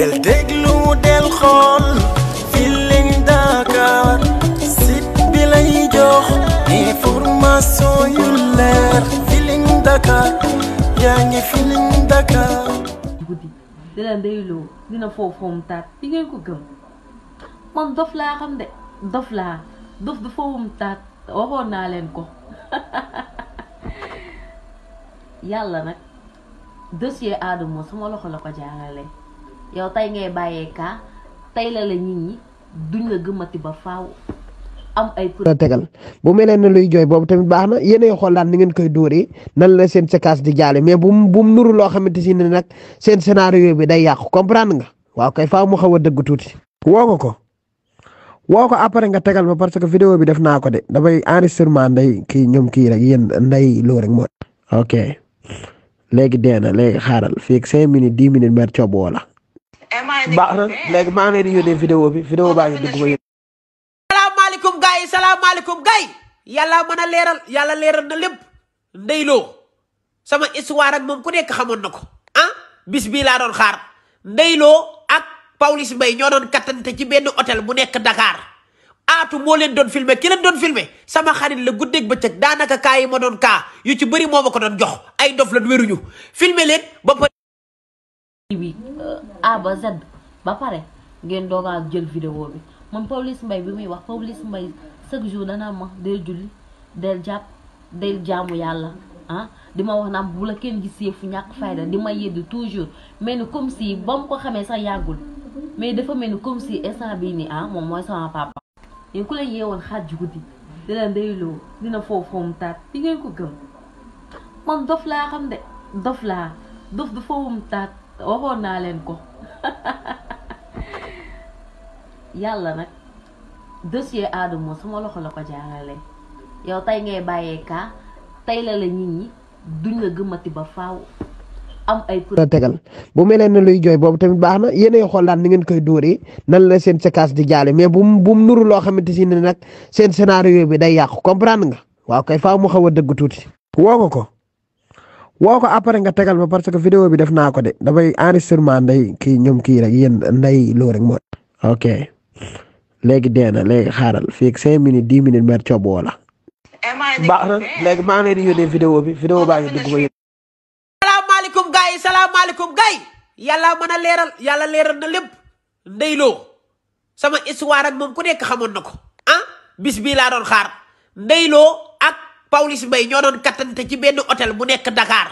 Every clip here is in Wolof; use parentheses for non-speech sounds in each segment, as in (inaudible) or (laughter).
del déglu del xool Feeling Dakar site bi lay jox information yu leer Feeling Dakar yaa ngi Feeling Dakar guddi dina ndeyloo dina foofoom taat di ngeen ko gëm man dof laa xam de dof laa dof du foofum taat waxoon naa leen ko (laughs) yàlla nag dossier Adamo sama loxo la ko jaarale yow tey ngay bàyyee kaa tey la la nit ñi duñ la gëmati ba faaw am ay pour tegal bu meleen ne luy jooy boobu tamit baax na yéenay xoolaat ni ngeen koy dóoree nan la seen séquence di jaale mais bu mu bu mu nuru loo xamante si ne nag seen scénario bi day yàqu comprendre nga waaw kay faaw mu xaw a dëgg tuuti. woo ko ko ko après nga tegal ma parce que vidéo bi def naa ko de dafay enregistrement nday kii ñoom kii rek yéen nday loo rek moo. ok léegi dee na léegi xaaral fii ak cinq minutes dix minutes baax na léegi maa ngi leen di yónnee vidéo dugg ba yéen. salaamaaleykum gars yi salaamaaleykum gars yàlla mën a leeral yàlla leeral na lépp ndeyloo sama histoire ak moom ku nekk xamoon na ko ah bis bii laa doon xaar ndeyloo ak Pawlish Mbaye ñoo doon kattante ci benn hôtel bu nekk dakaar aatu moo leen doon filmer ki leen doon filme sama xarit la guddeeg bëccëg daanaka kaa yi ma doon kaa yu ci bëri moo ma doon jox ay dof la wéruñu filmer leen ba bi euh, A ba ba pare ngeen doog jël vidéo bi man Pawlish Mbaye bi muy wax Pawlish mbay chaque jour dana ma del julli del jàpp del jàmm yàlla ah di ma wax naan bu la kenn gisee fu ñàkk fayda di ma yedd toujours mel ni comme si ba mu ko xamee sax yàggul mais dafa mel ni comme si instant bi nii ah moom mooy sama papa. yéen ku leen yeewoon xaaj guddi dina ndeyloo dina foofu mu taat di ngeen ko gëm man dof laa xam de dof laa dof du foofu taat. waxoon naa leen ko yàlla nag dossier Adamo suma loxo la ko jaarale yow tey ngay bàyyee kaa tey la la nit ñi duñ la gëmati ba faaw am ay pour tegal bu meleen na luy jooy boobu tamit baax na yéenay xoolaat ni ngeen koy dóoree nan la seen séquence di jaale mais bu bu mu nuru loo xamante si ne nag seen scénario bi day yàqu comprendre nga waaw kay faaw mu xaw a dëgg tuuti woo nga ko woo ko après nga tegal ma parce que vidéo bi def naa ko de dafay enregistrement nday ki ñoom kii rek yéen nday loo rek moo ok léegi dee na léegi xaaral fii ak cinq minutes dix minutes mer coob woo la baax na léegi maa ngi leen di yónnee vidéo bi vidéo baa ngi dugg ma yónnee salaamaaleykum gars yi salaamaaleykum gars yi yàlla mën a leeral yàlla leeral na lépp ndey loo sama histoire ak moom ku nekk xamoon na ko ah bis bii laa doon xaar ndey loo Pawlish Mbaye ñoo doon kattante ci benn hôtel bu nekk Dakar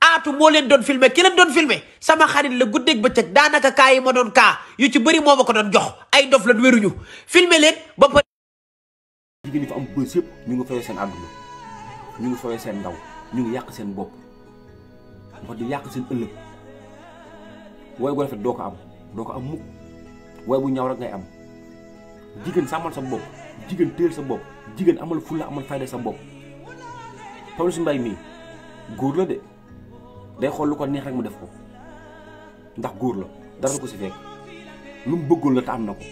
aatu moo leen doon filmer ki leen doon filmer sama xarit la guddeeg bëccëg daanaka kaa yi ma doon kaa yu ci bëri moo ma ko doon jox ay dof lan wéruñu filmer leen ba pare. jigéen am bës ñu ngi fayee seen àdduna ñu ngi fayee seen ndaw ñu ngi yàq seen bopp dafa di yàq seen ëllëg waaye doo ko am doo ko am mukk waaye bu ñaaw rek ngay am jigéen sàmmal sa bopp jigéen téel sa bopp jigéen amal fulla amal fayda sa bopp. Pawlish Mbaye mii góor la de day xool ko neex rek mu def ko ndax góor la dara du ko si fekk lu mu bëggoon la te am na ko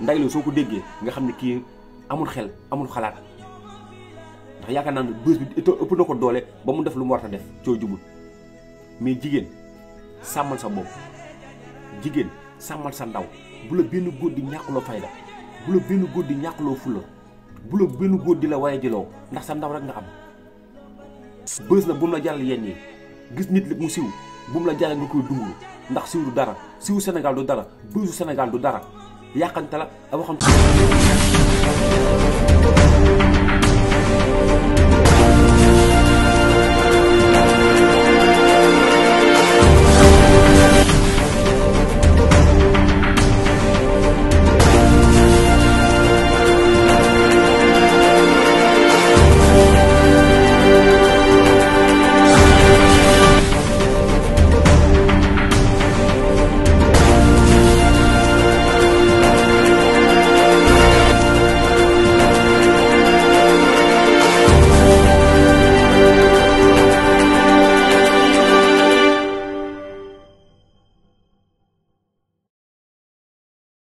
nday loolu soo ko déggee nga xam ne kii amul xel amul xalaat ndax yaakaar naa ne bés bi ëpp na ko doole ba mu def lu mu war a def coo jubul mais jigéen sàmmal sa bopp jigéen sàmmal sa ndaw bu la benn góor di ñàkkuloo fayda bu la benn góor di ñàkkuloo fulla bu la benn góor di la waaye jëloo ndax sa ndaw rek nga am bës na bu mu la jaral yenn yi gis nit li mu siw bu mu la jaral nga koy dungul ndax siw du dara siwu Sénégal du dara bësu Sénégal du dara yàqante la a waxam